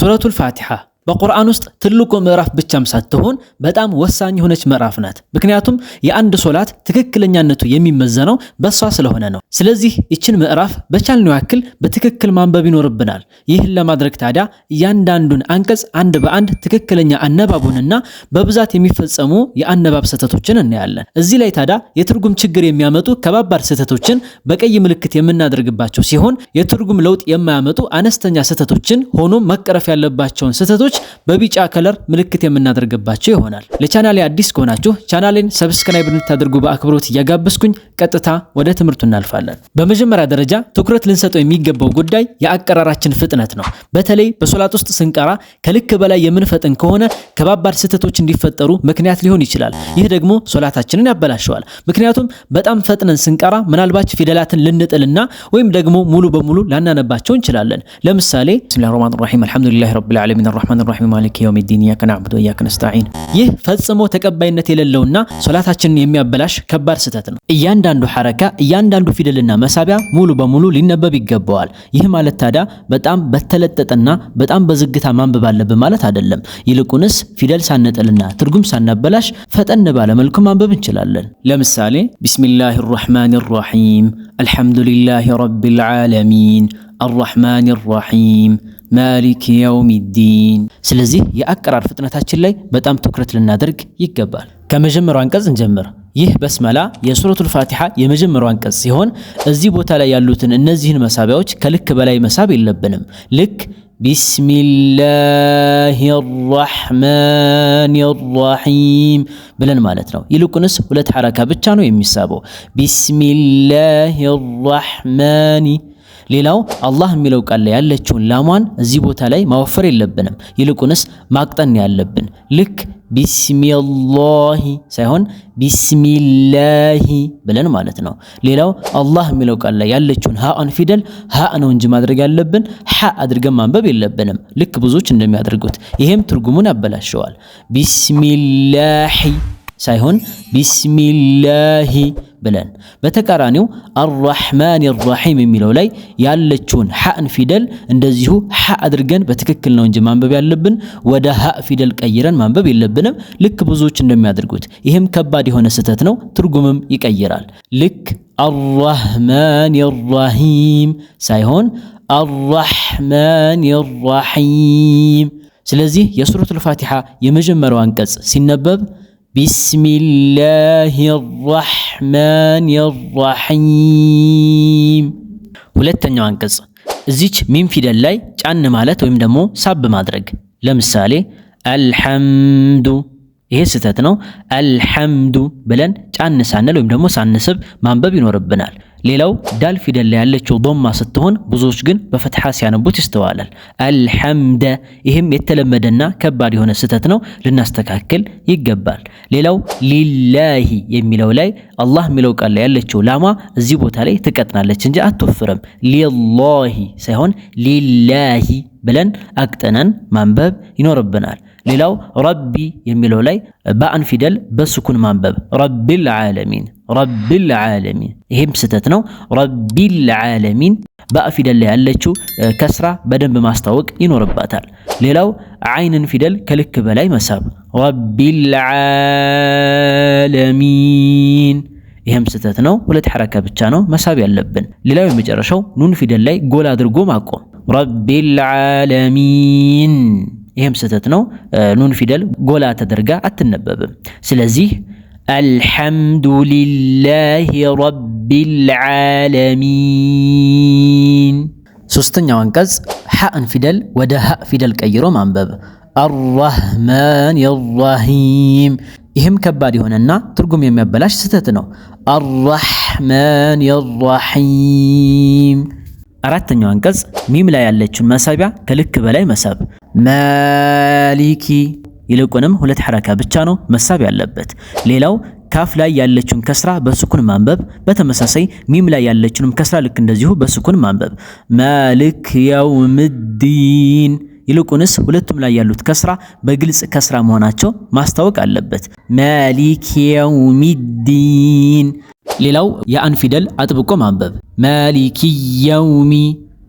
سورة الفاتحة በቁርአን ውስጥ ትልቁ ምዕራፍ ብቻም ሳትሆን በጣም ወሳኝ የሆነች ምዕራፍ ናት። ምክንያቱም የአንድ ሶላት ትክክለኛነቱ የሚመዘነው በእሷ ስለሆነ ነው። ስለዚህ ይችን ምዕራፍ በቻልነው ያክል በትክክል ማንበብ ይኖርብናል። ይህን ለማድረግ ታዲያ እያንዳንዱን አንቀጽ አንድ በአንድ ትክክለኛ አነባቡንና በብዛት የሚፈጸሙ የአነባብ ስህተቶችን እናያለን። እዚህ ላይ ታዲያ የትርጉም ችግር የሚያመጡ ከባባድ ስህተቶችን በቀይ ምልክት የምናደርግባቸው ሲሆን የትርጉም ለውጥ የማያመጡ አነስተኛ ስህተቶችን ሆኖም መቀረፍ ያለባቸውን ስህተቶች በቢጫ ከለር ምልክት የምናደርግባቸው ይሆናል። ለቻናሌ አዲስ ከሆናችሁ ቻናሌን ሰብስክራይብ እንድታደርጉ በአክብሮት እያጋበዝኩኝ ቀጥታ ወደ ትምህርቱ እናልፋለን። በመጀመሪያ ደረጃ ትኩረት ልንሰጠው የሚገባው ጉዳይ የአቀራራችን ፍጥነት ነው። በተለይ በሶላት ውስጥ ስንቀራ ከልክ በላይ የምንፈጥን ከሆነ ከባባድ ስህተቶች እንዲፈጠሩ ምክንያት ሊሆን ይችላል። ይህ ደግሞ ሶላታችንን ያበላሸዋል። ምክንያቱም በጣም ፈጥነን ስንቀራ ምናልባች ፊደላትን ልንጥልና ወይም ደግሞ ሙሉ በሙሉ ላናነባቸው እንችላለን። ለምሳሌ ብስሚላሂ ረህማን ረሂም አልሐምዱሊላሂ ረቢል ራሒም ማሊክ የውሚዲን እያከ ነዕቡድ ወእያከ ነስተዒን። ይህ ፈጽሞ ተቀባይነት የሌለውና ሶላታችንን የሚያበላሽ ከባድ ስህተት ነው። እያንዳንዱ ሐረካ፣ እያንዳንዱ ፊደልና መሳቢያ ሙሉ በሙሉ ሊነበብ ይገባዋል። ይህ ማለት ታዲያ በጣም በተለጠጠና በጣም በዝግታ ማንበብ አለብን ማለት አይደለም። ይልቁንስ ፊደል ሳንጥልና ትርጉም ሳናበላሽ ፈጠን ባለመልኩ ማንበብ እንችላለን። ለምሳሌ ቢስሚላህ ራሕማን ራሒም፣ አልሐምዱሊላህ ረቢል ዓለሚን፣ አራሕማን ራሒም ማሊክ የውም ዲን። ስለዚህ የአቀራር ፍጥነታችን ላይ በጣም ትኩረት ልናደርግ ይገባል። ከመጀመሪያው አንቀጽ እንጀምር። ይህ በስመላ የሱረቱል ፋቲሓ የመጀመሪያው አንቀጽ ሲሆን እዚህ ቦታ ላይ ያሉትን እነዚህን መሳቢያዎች ከልክ በላይ መሳብ የለብንም። ልክ ቢስሚላህ ራሕማን ራሒም ብለን ማለት ነው። ይልቁንስ ሁለት ሐረካ ብቻ ነው የሚሳበው ቢስሚላህ ራሕማን ሌላው አላህ የሚለው ቃል ላይ ያለችውን ላሟን እዚህ ቦታ ላይ ማወፈር የለብንም። ይልቁንስ ማቅጠን ያለብን ልክ ቢስሚላሂ ሳይሆን ቢስሚላሂ ብለን ማለት ነው። ሌላው አላህ የሚለው ቃል ላይ ያለችውን ሀአን ፊደል ሀ ነው እንጂ ማድረግ ያለብን ሀ አድርገን ማንበብ የለብንም፣ ልክ ብዙዎች እንደሚያደርጉት። ይሄም ትርጉሙን ያበላሸዋል። ቢስሚላሂ ሳይሆን ቢስሚላሂ ብለን በተቃራኒው አራሕማን ራሒም የሚለው ላይ ያለችውን ሐእን ፊደል እንደዚሁ ሐ አድርገን በትክክል ነው እንጂ ማንበብ ያለብን ወደ ሀ ፊደል ቀይረን ማንበብ የለብንም፣ ልክ ብዙዎች እንደሚያደርጉት። ይህም ከባድ የሆነ ስህተት ነው፣ ትርጉምም ይቀይራል። ልክ አራሕማን ራሒም ሳይሆን አራሕማን ራሒም። ስለዚህ የሱረቱል ፋቲሓ የመጀመሪያው አንቀጽ ሲነበብ ቢስሚላህ ራሕማን ራሒም። ሁለተኛው አንቀጽ እዚች ሚም ፊደል ላይ ጫን ማለት ወይም ደግሞ ሳብ ማድረግ። ለምሳሌ አልሐምዱ፣ ይሄ ስህተት ነው። አልሐምዱ ብለን ጫን ሳንል ወይም ደግሞ ሳንስብ ማንበብ ይኖርብናል። ሌላው ዳል ፊደል ላይ ያለችው ዶማ ስትሆን ብዙዎች ግን በፈትሐ ሲያነቡት ይስተዋላል። አልሐምደ ይህም የተለመደና ከባድ የሆነ ስህተት ነው፣ ልናስተካክል ይገባል። ሌላው ሊላሂ የሚለው ላይ አላህ የሚለው ቃል ላይ ያለችው ላማ እዚህ ቦታ ላይ ትቀጥናለች እንጂ አትወፍርም። ሊላሂ ሳይሆን ሊላሂ ብለን አቅጥነን ማንበብ ይኖርብናል። ሌላው ረቢ የሚለው ላይ ባእን ፊደል በስኩን ማንበብ ረቢል ዓለሚን ረቢል ዓለሚን። ይሄም ስህተት ነው። ረቢል ዓለሚን ባእ ፊደል ላይ ያለችው ከስራ በደንብ ማስታወቅ ይኖርባታል። ሌላው ዓይንን ፊደል ከልክ በላይ መሳብ ረቢል ዓለሚን። ይህም ስህተት ነው። ሁለት ሐረካ ብቻ ነው መሳብ ያለብን። ሌላው የመጨረሻው ኑን ፊደል ላይ ጎላ አድርጎ ማቆም ረቢል ዓለሚን ይህም ስህተት ነው። ኑን ፊደል ጎላ ተደርጋ አትነበብም። ስለዚህ አልሐምዱ ሊላሂ ረቢል ዓለሚን። ሶስተኛው አንቀጽ ሐእን ፊደል ወደ ሐ ፊደል ቀይሮ ማንበብ አራህማን የራሂም ይህም ከባድ የሆነና ትርጉም የሚያበላሽ ስህተት ነው። አራህማን የራሂም አራተኛው አንቀጽ ሚም ላይ ያለችውን መሳቢያ ከልክ በላይ መሳብ ማሊኪ ይልቁንም ሁለት ሐረካ ብቻ ነው መሳብ ያለበት። ሌላው ካፍ ላይ ያለችውን ከስራ በስኩን ማንበብ፣ በተመሳሳይ ሚም ላይ ያለችውንም ከስራ ልክ እንደዚሁ በስኩን ማንበብ። ማሊክ የውምዲን ይልቁንስ ሁለቱም ላይ ያሉት ከስራ በግልጽ ከስራ መሆናቸው ማስታወቅ አለበት። ማሊክ የውሚዲን። ሌላው የአን ፊደል አጥብቆ ማንበብ ማሊኪ የውሚ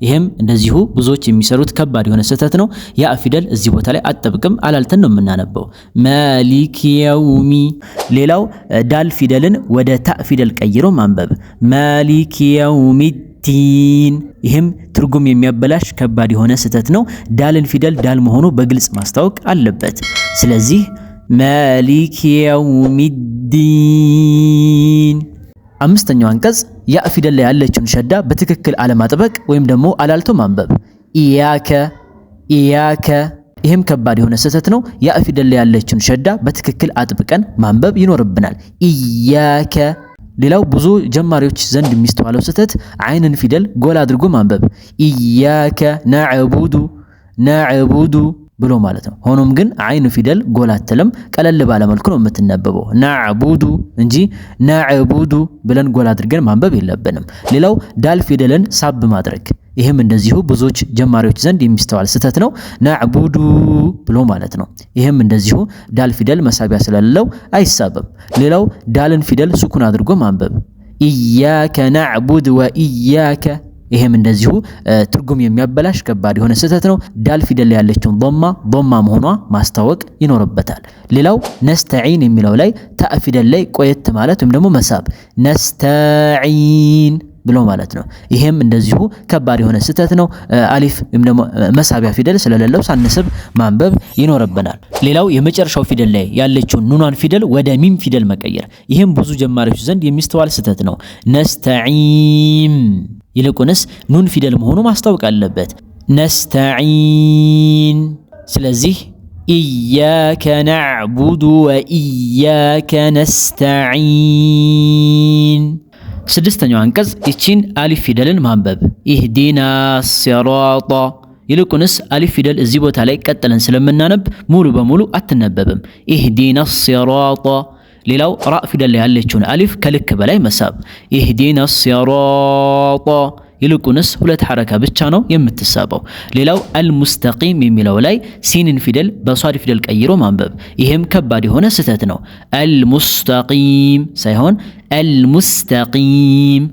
ይሄም እንደዚሁ ብዙዎች የሚሰሩት ከባድ የሆነ ስህተት ነው። ያ ፊደል እዚህ ቦታ ላይ አጠብቅም አላልተን ነው የምናነበው ማሊክ የውሚ። ሌላው ዳል ፊደልን ወደ ታ ፊደል ቀይሮ ማንበብ ማሊክ የውሚ ዲን ይህም ትርጉም የሚያበላሽ ከባድ የሆነ ስህተት ነው። ዳልን ፊደል ዳል መሆኑ በግልጽ ማስታወቅ አለበት። ስለዚህ ማሊክ የውሚ ዲን አምስተኛው አንቀጽ ያ ፊደል ላይ ያለችውን ሸዳ በትክክል አለማጥበቅ ወይም ደግሞ አላልቶ ማንበብ ኢያከ ኢያከ። ይህም ከባድ የሆነ ስህተት ነው። ያ ፊደል ላይ ያለችውን ሸዳ በትክክል አጥብቀን ማንበብ ይኖርብናል። ኢያከ። ሌላው ብዙ ጀማሪዎች ዘንድ የሚስተዋለው ስህተት አይንን ፊደል ጎላ አድርጎ ማንበብ ኢያከ ናዕቡዱ ናዕቡዱ ብሎ ማለት ነው። ሆኖም ግን አይኑ ፊደል ጎላ አትልም። ቀለል ባለመልኩ ነው የምትነበበው ናዕቡዱ እንጂ ናዕቡዱ ብለን ጎላ አድርገን ማንበብ የለብንም። ሌላው ዳል ፊደልን ሳብ ማድረግ ይህም እንደዚሁ ብዙዎች ጀማሪዎች ዘንድ የሚስተዋል ስህተት ነው። ናዕቡዱ ብሎ ማለት ነው። ይህም እንደዚሁ ዳል ፊደል መሳቢያ ስለሌለው አይሳብም። ሌላው ዳልን ፊደል ሱኩን አድርጎ ማንበብ ኢያከ ናዕቡድ ወኢያከ ይሄም እንደዚሁ ትርጉም የሚያበላሽ ከባድ የሆነ ስህተት ነው። ዳል ፊደል ያለችውን ቦማ ዶማ መሆኗ ማስታወቅ ይኖርበታል። ሌላው ነስተዒን የሚለው ላይ ታ ፊደል ላይ ቆየት ማለት ወይም ደግሞ መሳብ ነስተዒን ብሎ ማለት ነው። ይሄም እንደዚሁ ከባድ የሆነ ስህተት ነው። አሊፍ ወይም ደግሞ መሳቢያ ፊደል ስለሌለው ሳንስብ ማንበብ ይኖርብናል። ሌላው የመጨረሻው ፊደል ላይ ያለችውን ኑኗን ፊደል ወደ ሚም ፊደል መቀየር፣ ይህም ብዙ ጀማሪዎች ዘንድ የሚስተዋል ስህተት ነው። ነስተዒም ይልቁንስ ኑን ፊደል መሆኑ ማስታወቅ አለበት። ነስተዒን። ስለዚህ ኢያከ ናዕቡዱ ወኢያከ ነስተዒን። ስድስተኛው አንቀጽ ይቺን አሊፍ ፊደልን ማንበብ ኢህዲና ሲራጣ ይልቁንስ አሊፍ ፊደል እዚህ ቦታ ላይ ቀጥለን ስለምናነብ ሙሉ በሙሉ አትነበብም። ኢህዲና ሲራጣ ሌላው ራ ፊደል ላይ ያለችውን አሊፍ ከልክ በላይ መሳብ ኢህዲነ ሲራጣ ይልቁንስ ሁለት ሐረካ ብቻ ነው የምትሳበው። ሌላው አልሙስተቂም የሚለው ላይ ሲንን ፊደል በሷድ ፊደል ቀይሮ ማንበብ፣ ይህም ከባድ የሆነ ስህተት ነው። አልሙስተቂም ሳይሆን አልሙስተቂም።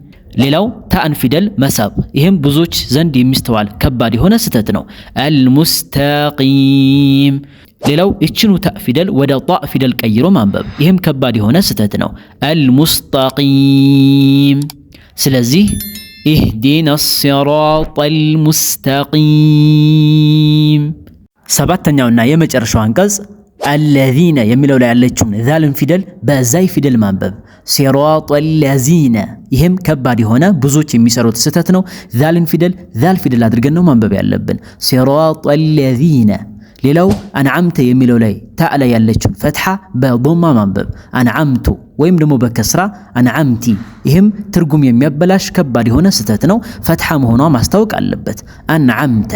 ሌላው ታን ፊደል መሳብ፣ ይህም ብዙዎች ዘንድ የሚስተዋል ከባድ የሆነ ስህተት ነው። አልሙስተቂም ሌላው እችኑ ታእ ፊደል ወደ ጣ ፊደል ቀይሮ ማንበብ፣ ይህም ከባድ የሆነ ስህተት ነው። አልሙስጠቂም። ስለዚህ ኢህዲና ሲራጠል ሙስተቂም። ሰባተኛውና የመጨረሻው አንቀጽ አለዚነ የሚለው ላይ ያለችውን ዛልን ፊደል በዛይ ፊደል ማንበብ ሲራጥ ለዚነ። ይህም ከባድ የሆነ ብዙዎች የሚሰሩት ስህተት ነው። ዛልን ፊደል ዛል ፊደል አድርገን ነው ማንበብ ያለብን። ሲራጥ ለዚነ ሌላው አንዓምተ የሚለው ላይ ታእ ላይ ያለችውን ፈትሓ በዶማ ማንበብ አንዓምቱ ወይም ደግሞ በከስራ አንዓምቲ። ይህም ትርጉም የሚያበላሽ ከባድ የሆነ ስህተት ነው። ፈትሓ መሆኗ ማስታወቅ አለበት። አንዓምተ።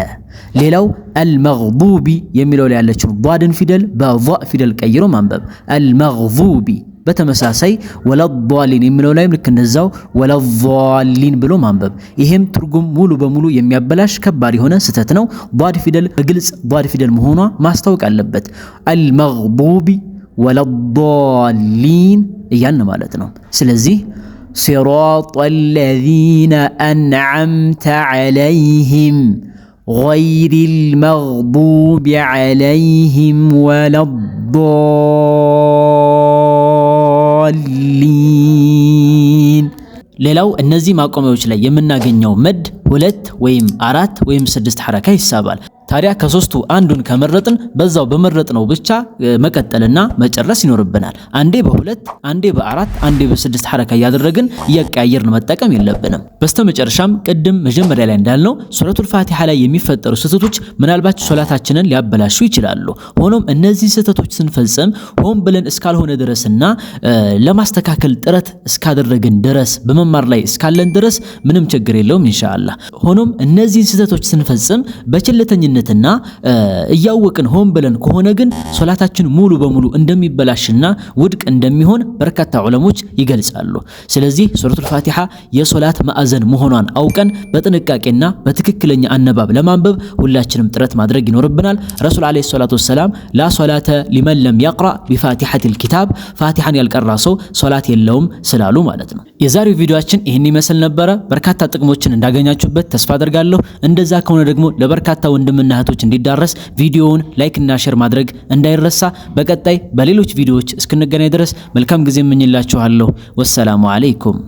ሌላው አልመግቡቢ የሚለው ላይ ያለችውን ቧድን ፊደል በዷእ ፊደል ቀይሮ ማንበብ አልመግቡቢ በተመሳሳይ ወለዷሊን የሚለው ላይም ልክ እንደዛው ወለዷሊን ብሎ ማንበብ። ይሄም ትርጉም ሙሉ በሙሉ የሚያበላሽ ከባድ የሆነ ስህተት ነው። ዷድ ፊደል በግልጽ ዷድ ፊደል መሆኗ ማስታወቅ አለበት። አልመግቡቢ ወለዷሊን እያልን ማለት ነው። ስለዚህ ሲራጠ አለዚነ አንዓምተ ዐለይሂም ገይሪ አልመግቡቢ ዐለይሂም ወለዷሊን ዶሊን። ሌላው እነዚህ ማቆሚያዎች ላይ የምናገኘው መድ ሁለት ወይም አራት ወይም ስድስት ሐረካ ይሳባል። ታዲያ ከሶስቱ አንዱን ከመረጥን በዛው በመረጥነው ብቻ መቀጠልና መጨረስ ይኖርብናል። አንዴ በሁለት አንዴ በአራት አንዴ በስድስት ሐረካ እያደረግን እያቀያየርን መጠቀም የለብንም። በስተመጨረሻም ቅድም መጀመሪያ ላይ እንዳልነው ሱረቱል ፋቲሃ ላይ የሚፈጠሩ ስህተቶች ምናልባት ሶላታችንን ሊያበላሹ ይችላሉ። ሆኖም እነዚህ ስህተቶች ስንፈጽም ሆን ብለን እስካልሆነ ድረስና ለማስተካከል ጥረት እስካደረግን ድረስ በመማር ላይ እስካለን ድረስ ምንም ችግር የለውም ኢንሻአላህ። ሆኖም እነዚህን ስህተቶች ስንፈጽም በቸልተኝነት ኃላፊነትና እያወቅን ሆን ብለን ከሆነ ግን ሶላታችን ሙሉ በሙሉ እንደሚበላሽና ውድቅ እንደሚሆን በርካታ ዑለሞች ይገልጻሉ። ስለዚህ ሱረቱል ፋቲሃ የሶላት ማዕዘን መሆኗን አውቀን በጥንቃቄና በትክክለኛ አነባብ ለማንበብ ሁላችንም ጥረት ማድረግ ይኖርብናል። ረሱል ዓለይሂ ሰላቱ ወሰላም ላ ሶላተ ሊመን ለም ያቅራ ቢፋቲሐቲል ኪታብ ፋቲሐን ያልቀራ ሰው ሶላት የለውም ስላሉ ማለት ነው። የዛሬው ቪዲዮአችን ይህን ይመስል ነበረ። በርካታ ጥቅሞችን እንዳገኛችሁበት ተስፋ አደርጋለሁ። እንደዛ ከሆነ ደግሞ ለበርካታ ወንድምና ለወንድምና እህቶች እንዲዳረስ ቪዲዮውን ላይክ እና ሼር ማድረግ እንዳይረሳ። በቀጣይ በሌሎች ቪዲዮዎች እስክንገናኝ ድረስ መልካም ጊዜ እመኝላችኋለሁ። ወሰላሙ አለይኩም